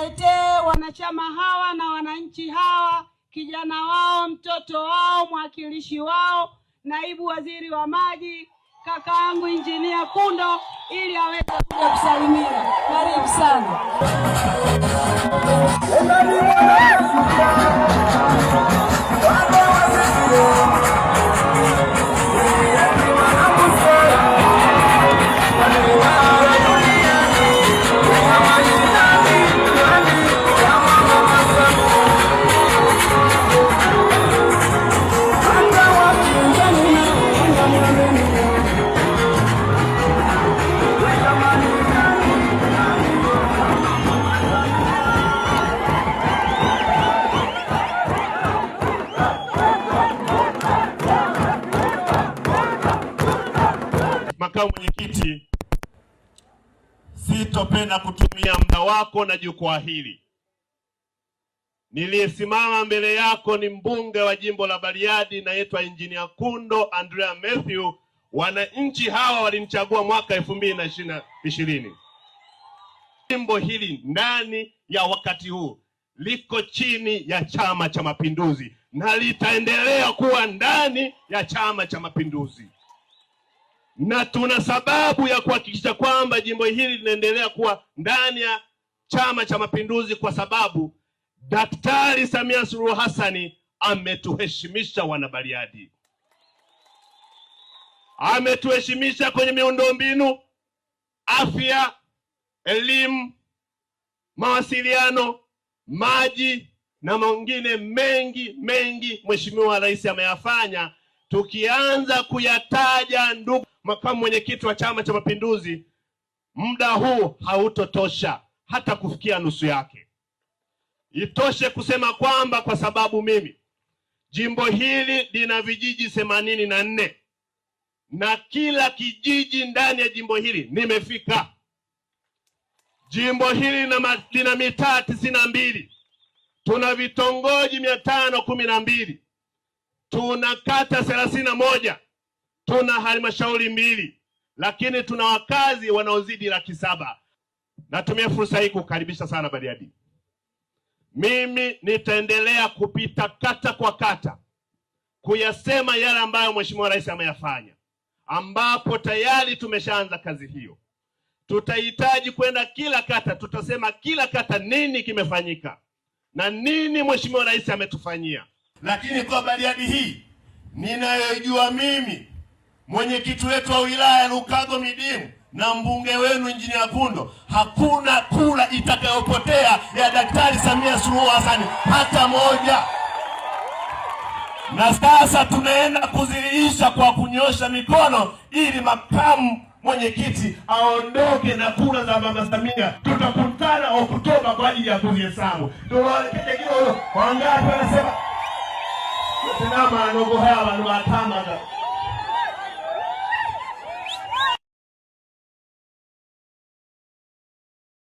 waletee wanachama hawa na wananchi hawa, kijana wao, mtoto wao, mwakilishi wao, naibu waziri wa maji, kaka yangu Injinia Kundo, ili aweze kuja kusalimia. Karibu sana. Mheshimiwa Mwenyekiti, sitopenda kutumia muda wako na jukwaa hili. Niliyesimama mbele yako ni mbunge wa jimbo la Bariadi naitwa Injinia Kundo Andrea Matthew. Wananchi hawa walinichagua mwaka elfu mbili na ishirini. Jimbo hili ndani ya wakati huu liko chini ya Chama cha Mapinduzi na litaendelea kuwa ndani ya Chama cha Mapinduzi na tuna sababu ya kuhakikisha kwamba jimbo hili linaendelea kuwa ndani ya Chama cha Mapinduzi kwa sababu Daktari Samia Suluhu Hassan ametuheshimisha Wanabariadi, ametuheshimisha kwenye miundombinu, afya, elimu, mawasiliano, maji na mengine mengi mengi, Mheshimiwa Rais ameyafanya tukianza kuyataja ndugu makamu mwenyekiti wa Chama cha Mapinduzi, muda huu hautotosha hata kufikia nusu yake. Itoshe kusema kwamba kwa sababu mimi jimbo hili lina vijiji themanini na nne na kila kijiji ndani ya jimbo hili nimefika. Jimbo hili lina mitaa tisini na mbili tuna vitongoji mia tano kumi na mbili tuna kata thelathini na moja tuna halmashauri mbili, lakini tuna wakazi wanaozidi laki saba. Natumia fursa hii kukaribisha sana Bariadi. Mimi nitaendelea kupita kata kwa kata kuyasema yale ambayo Mheshimiwa Rais ameyafanya, ambapo tayari tumeshaanza kazi hiyo. Tutahitaji kwenda kila kata, tutasema kila kata nini kimefanyika na nini Mheshimiwa Rais ametufanyia. Lakini kwa Bariadi hii ninayojua mimi mwenyekiti wetu wa wilaya ya Lukago Midimu na mbunge wenu Injinia Kundo, hakuna kula itakayopotea ya Daktari Samia Suluhu Hassan hata moja. Na sasa tunaenda kuziliisha kwa kunyosha mikono ili makamu mwenyekiti aondoke na kura za mama Samia. Tutakutana Oktoba kwa ajili ya kuzihesabu. tunaonekana kidogo wangapi wanasema tena manogo haya wanu